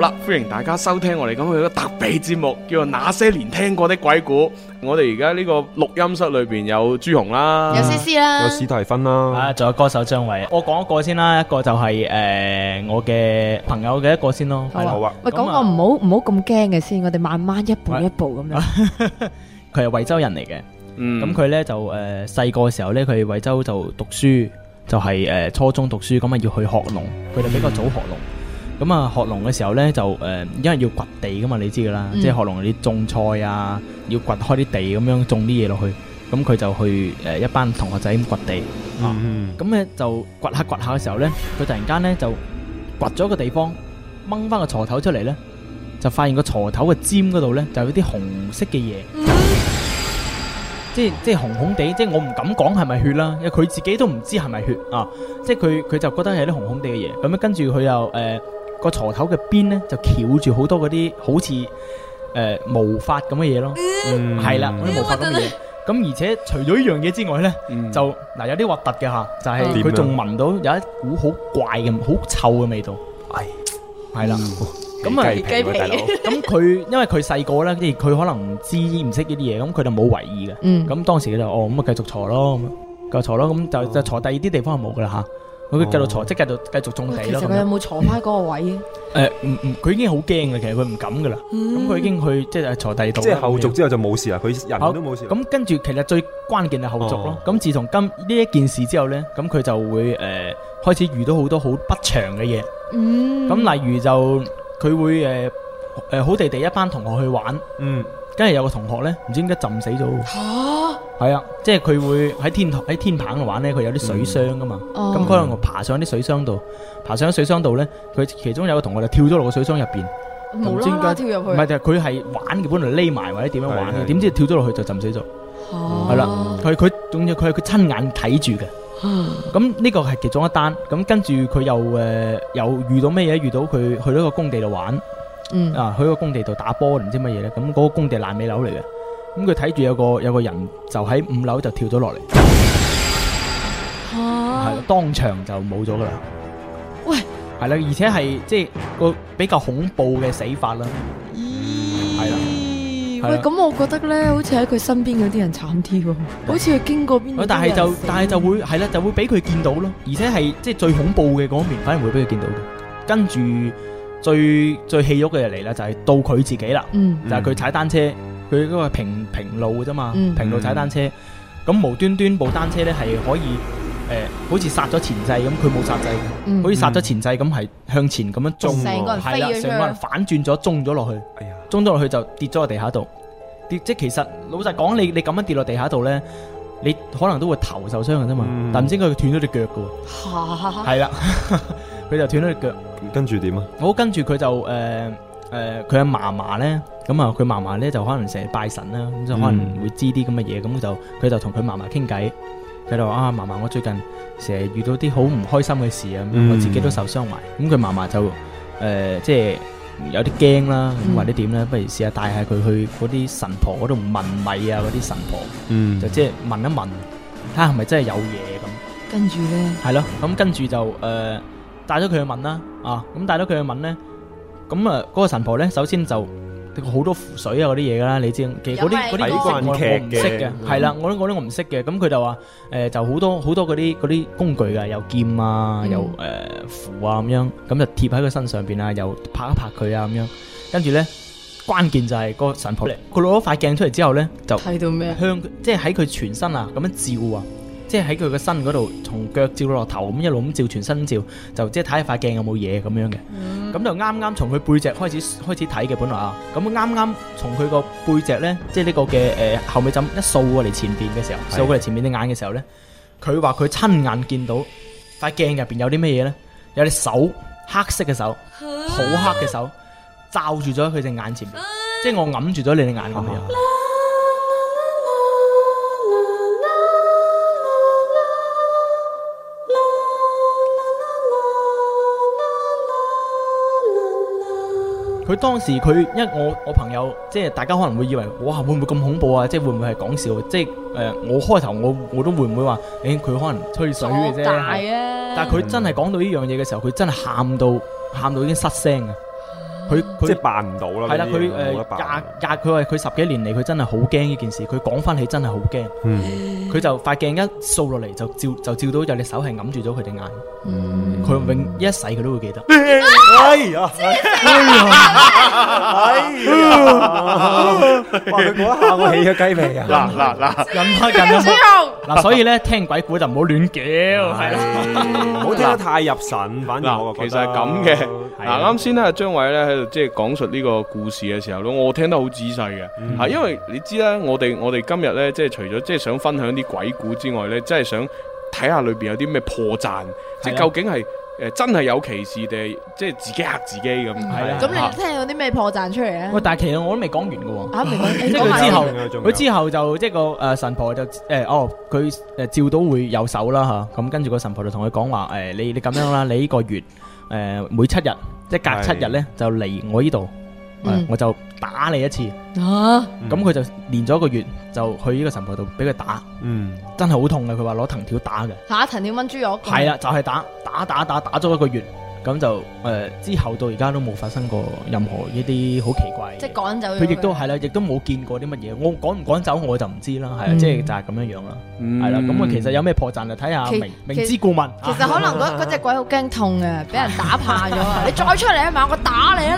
啦！歡迎大家收聽，我哋今日有個特別節目，叫做《那些年聽過的鬼故》。我哋而家呢個錄音室裏邊有朱紅啦，有詩詩啦，有史提芬啦，啊，仲有歌手張偉。我講一個先啦，一個就係、是、誒、呃、我嘅朋友嘅一個先咯。好啊，的好啊。喂，講個唔好唔好咁驚嘅先，我哋慢慢一步一步咁樣。佢係惠州人嚟嘅，咁佢、嗯、呢，就誒細個時候呢，佢惠州就讀書，就係、是、誒、呃、初中讀書，咁啊要去學農，佢哋比較早學農。咁啊，學農嘅時候咧，就誒、呃，因為要掘地噶嘛，你知噶啦，即係、嗯、學農你種菜啊，要掘開啲地咁樣種啲嘢落去。咁、嗯、佢就去誒、呃、一班同學仔咁掘地啊。咁咧、嗯嗯、就，就掘下掘下嘅時候咧，佢突然間咧就掘咗個地方掹翻個鋤頭出嚟咧，就發現個鋤頭嘅尖嗰度咧就有啲紅色嘅嘢、嗯，即係即係紅紅地，即係我唔敢講係咪血啦，因為佢自己都唔知係咪血啊，即係佢佢就覺得係啲紅紅地嘅嘢。咁樣跟住佢又誒。呃個鋤頭嘅邊咧就翹住好多嗰啲好似誒毛髮咁嘅嘢咯，係啦，嗰啲毛髮咁嘅嘢。咁而且除咗呢樣嘢之外咧，就嗱有啲核突嘅吓，就係佢仲聞到有一股好怪嘅、好臭嘅味道。係，係啦，咁啊雞皮，咁佢因為佢細個咧，即佢可能唔知唔識呢啲嘢，咁佢就冇懷疑嘅。咁當時佢就哦，咁啊繼續鋤咯，繼續鋤咯，咁就就鋤第二啲地方就冇噶啦吓。佢繼續坐，即係繼續繼續中地咯。其實佢有冇坐翻嗰個位？誒、嗯呃，唔唔，佢已經好驚嘅，其實佢唔敢噶啦。咁佢、嗯、已經去即係坐第二度。即係後續之後就冇事啦，佢人都冇事。咁、嗯、跟住，其實最關鍵係後續咯。咁自從今呢一件事之後咧，咁佢就會誒、呃、開始遇到好多好不祥嘅嘢。咁、嗯、例如就佢會誒誒好地地一班同學去玩，嗯，跟住有個同學咧唔知點解浸死咗。哦哦 huh? 係啊，即係佢會喺天喺天棚度玩咧，佢有啲水箱噶嘛，咁可能我爬上啲水箱度，爬上水箱度咧，佢其中有一個同學就跳咗落個水箱入邊，冇啦啦跳入去，唔係就係佢係玩嘅，本來匿埋或者點樣玩嘅，點知跳咗落去就浸死咗，係啦，佢佢總之佢係佢親眼睇住嘅，咁呢個係其中一單，咁跟住佢又誒、呃、又遇到咩嘢？遇到佢去咗個工地度玩，嗯、啊去個工地度打波唔知乜嘢咧，咁嗰個工地爛尾樓嚟嘅。咁佢睇住有個有個人就喺五樓就跳咗落嚟，係當場就冇咗噶啦。喂，係啦，而且係即係個比較恐怖嘅死法啦。咦，係啦，喂，咁我覺得咧，好似喺佢身邊嗰啲人慘啲喎，好似佢經過邊，但係就但係就會係啦，就會俾佢見到咯。而且係即係最恐怖嘅嗰一面，反而會俾佢見到嘅。跟住最最氣鬱戲肉嘅人嚟啦，就係到佢自己啦，就係佢踩單車。佢嗰個平平路嘅啫嘛，平路踩、嗯、單車，咁、嗯、無端端部單車咧係可以誒、呃，好似剎咗前掣咁，佢冇剎掣，好似剎咗前掣咁係向前咁樣中，成個人飛咗出去，成了個人反轉咗，中咗落去，中咗落去就跌咗喺地下度，跌即係其實老實講，你你咁樣跌落地下度咧，你可能都會頭受傷嘅啫嘛，嗯、但唔知佢斷咗隻腳嘅，係啦，佢就斷咗隻腳，跟住點啊？對了 好，跟住佢就誒。呃誒，佢阿嫲嫲咧，咁啊，佢嫲嫲咧就可能成日拜神啦，咁就可能會知啲咁嘅嘢，咁就佢就同佢嫲嫲傾偈，佢就話啊，嫲嫲，我最近成日遇到啲好唔開心嘅事啊，我自己都受傷埋，咁佢嫲嫲就誒，即係有啲驚啦，咁或者點咧，不如試下帶下佢去嗰啲神婆嗰度問米啊，嗰啲神婆，就即係問一問，睇下係咪真係有嘢咁？跟住咧，係咯，咁跟住就誒，帶咗佢去問啦，啊，咁帶咗佢去問咧。咁啊，嗰個神婆咧，首先就好多符水啊，嗰啲嘢噶啦，你知。其實嗰啲嗰啲我我唔識嘅，係啦，我我我都唔識嘅。咁佢就話，誒，就好多好多嗰啲嗰啲工具啊，有劍啊，有誒符啊咁樣，咁就貼喺佢身上邊啊，又拍一拍佢啊咁樣。跟住咧，關鍵就係個神婆咧，佢攞咗一塊鏡出嚟之後咧，就睇到咩？向即係喺佢全身啊，咁樣照啊。即係喺佢個身嗰度，從腳照到落頭咁，一路咁照全身照，就即係睇下塊鏡有冇嘢咁樣嘅。咁就啱啱從佢背脊開始開始睇嘅本來啊，咁啱啱從佢個背脊咧，即係呢、這個嘅誒、呃、後尾枕一掃過嚟前邊嘅時候，掃過嚟前面啲眼嘅時候咧，佢話佢親眼見到塊鏡入邊有啲咩嘢咧，有隻手黑色嘅手，好黑嘅手罩住咗佢隻眼前面，即係我揞住咗你隻眼咁、啊、樣。啊佢當時佢，因為我我朋友，即係大家可能會以為，哇，會唔會咁恐怖啊？即係會唔會係講笑？即係誒、呃，我開頭我我都會唔會話，誒、欸，佢可能吹水嘅啫、啊。但係佢真係講到呢樣嘢嘅時候，佢真係喊到喊到已經失聲嘅。佢佢即係扮唔到啦。係啦，佢、誒、壓壓，佢話佢十幾年嚟，佢真係好驚呢件事。佢講翻起真係好驚。嗯，佢就塊鏡一掃落嚟，就照就照到有隻手係揞住咗佢隻眼。嗯，佢永一世佢都會記得。哎呀，哎呀，哎呀，哇！佢嗰下我起咗雞皮啊！嗱嗱嗱！引開引開。嗱、啊，所以咧聽鬼故就唔好亂叫，係啦是，唔好 聽得太入神。嗱、啊，反正其實係咁嘅，嗱啱先咧，張偉咧喺度即係講述呢個故事嘅時候咧，我聽得好仔細嘅，係、嗯啊、因為你知啦，我哋我哋今日咧即係除咗即係想分享啲鬼故之外咧，即、就、係、是、想睇下裏邊有啲咩破綻，即、就、係、是、究竟係。誒，真係有歧視定係即係自己嚇自己咁，係啦、嗯。咁的你聽有啲咩破綻出嚟咧？喂、啊，但係其實我都未講完噶喎。啊，欸、之後，佢之後就即係、就是、個誒神婆就誒、欸、哦，佢誒照到會有手啦吓。咁、啊、跟住個神婆就同佢講話誒，你你咁樣啦，你呢個月誒、 呃、每七日即係隔七日咧就嚟我呢度。我就打你一次，咁佢、啊、就練咗一個月，就去呢個神婆度俾佢打，嗯、真係好痛嘅。佢話攞藤條打嘅，打藤條炆豬肉，係啊，蚊蛛蚊蛛蚊就係、是、打，打打打打打咗一個月。咁就誒，之後到而家都冇發生過任何一啲好奇怪，即係趕走佢，亦都係啦，亦都冇見過啲乜嘢。我趕唔趕走我就唔知啦，係啊，即係就係咁樣樣啦，係啦。咁啊，其實有咩破綻啊？睇下明明知故問，其實可能嗰嗰隻鬼好驚痛嘅，俾人打怕咗。你再出嚟啊嘛，我打你啊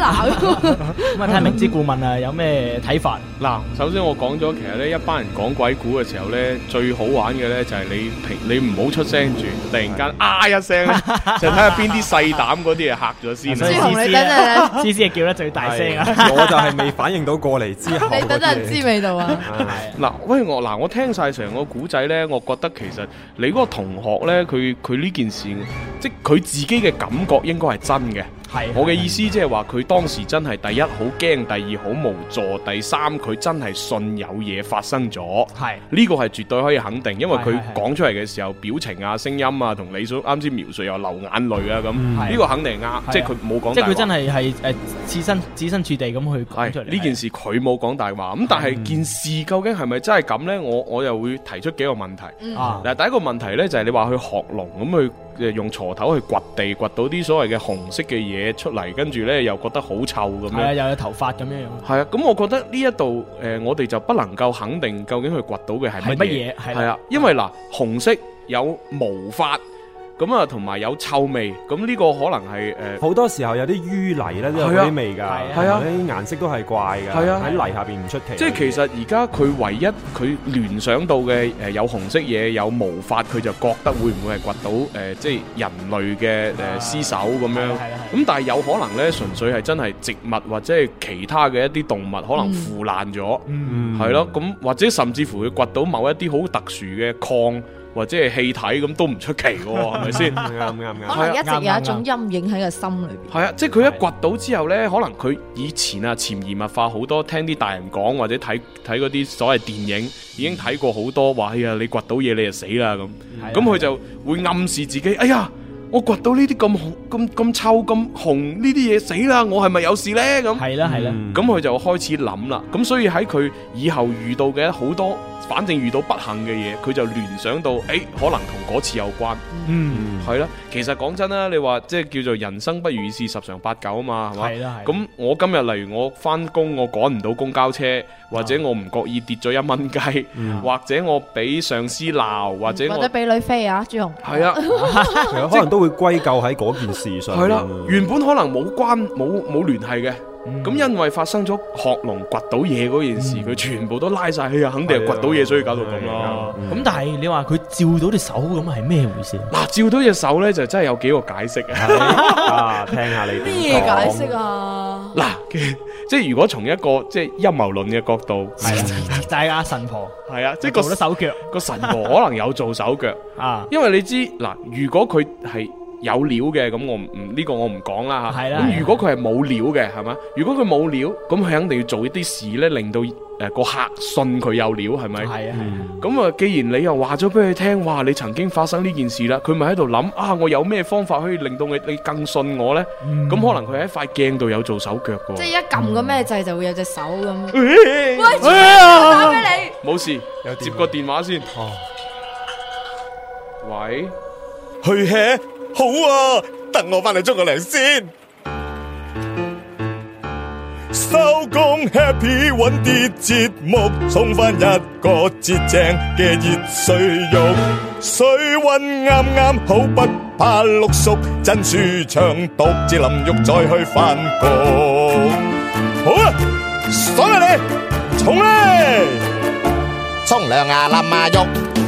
嗱！睇下明知故問啊，有咩睇法？嗱，首先我講咗，其實咧一班人講鬼故嘅時候咧，最好玩嘅咧就係你平你唔好出聲住，突然間啊一聲咧，就睇下邊啲細膽。咁嗰啲嘢嚇咗先、嗯，所以你等陣，黐黐、啊、叫得最大聲啊！ 我就係未反應到過嚟之後，你等陣知味道啊！嗱， 喂我嗱，我聽晒成個古仔咧，我覺得其實你嗰個同學咧，佢佢呢件事，即係佢自己嘅感覺應該係真嘅。係，我嘅意思即係話佢當時真係第一好驚，第二好無助，第三佢真係信有嘢發生咗。係呢是個係絕對可以肯定，因為佢講是出嚟嘅時候，表情啊、聲音啊，同你所啱先描述又流眼淚啊，咁呢是個肯定係啱的，即係佢冇講。即係佢真係係誒，置身置身處地咁去講出嚟。呢件事佢冇講大話，咁的但係件事究竟係咪真係咁咧？我我又會提出幾個問題嗱，嗯啊、第一個問題咧就係、是、你話去學龍咁去。誒用鋤頭去掘地，掘到啲所謂嘅紅色嘅嘢出嚟，跟住咧又覺得好臭咁樣。係啊，又有頭髮咁樣樣。係啊，咁我覺得呢一度誒，我哋就不能夠肯定究竟佢掘到嘅係乜嘢。係啊，因為嗱係啊、呃，紅色有毛髮。咁啊，同埋有臭味，咁呢個可能係誒好多時候有啲淤泥咧，都有啲味㗎，係啊，是是顏色都係怪㗎，係啊，喺泥下邊唔出奇。即係其實而家佢唯一佢、嗯、聯想到嘅誒有紅色嘢有毛髮，佢就覺得會唔會係掘到誒、呃、即係人類嘅誒屍首咁樣？係咁、嗯、但係有可能咧，純粹係真係植物或者係其他嘅一啲動物可能腐爛咗、嗯，嗯嗯，係咯、嗯。咁或者甚至乎佢掘到某一啲好特殊嘅礦。或者係氣體咁都唔出奇喎，係咪先？ 可能一直有一種陰影喺個心裏邊、嗯。係、嗯嗯、啊，即係佢一掘到之後咧，可能佢以前啊潛移默化好多聽啲大人講，或者睇睇嗰啲所謂電影，已經睇過好多話，哎呀你掘到嘢你就死啦咁，咁佢就會暗示自己，哎呀。我掘到呢啲咁紅咁咁臭咁紅呢啲嘢死啦！我係咪有事呢？咁係啦係啦，咁佢、嗯嗯、就開始諗啦。咁所以喺佢以後遇到嘅好多，反正遇到不幸嘅嘢，佢就聯想到誒、欸，可能同嗰次有關。嗯，係啦。其實講真啦，你話即係叫做人生不如意事十常八九啊嘛，係嘛？係啦係啦。咁我今日例如我翻工，我趕唔到公交車，或者我唔覺意跌咗一蚊雞、啊，或者我俾上司鬧，或者或者俾女飛啊朱紅。係啊，可能都。會歸咎喺嗰件事上，係啦，原本可能冇關冇冇聯繫嘅，咁、嗯、因為發生咗學龍掘到嘢嗰件事，佢、嗯、全部都拉晒去，肯定係掘到嘢，啊、所以搞到咁啦。咁、啊嗯、但係你話佢照到隻手咁係咩回事？嗱，照到隻手咧就真係有幾個解釋嘅、啊 啊，聽下你咩解釋啊？嗱，即係如果從一個即係陰謀論嘅角度，係就係阿神婆，係啊，即係個手腳個神婆可能有做手腳 啊，因為你知嗱，如果佢係有料嘅。咁我唔唔，呢個我唔講啦吓，係啦，咁如果佢係冇料嘅係咪？如果佢冇料，咁佢肯定要做一啲事咧，令到誒個客信佢有料係咪？係啊係啊。咁啊，既然你又話咗俾佢聽，哇，你曾經發生呢件事啦，佢咪喺度諗啊，我有咩方法可以令到你你更信我咧？咁可能佢喺塊鏡度有做手腳噶。即係一撳個咩掣就會有隻手咁。喂，打俾你。冇事，又接個電話先。哦。喂，去 hea。好啊，等我翻嚟沖個涼先。收工，happy，揾啲節目沖翻一個潔淨嘅熱水浴，水溫啱啱好，不怕綠熟，真舒暢，獨自淋浴再去翻局。好啊，爽啊你，沖咧，沖涼啊淋啊浴。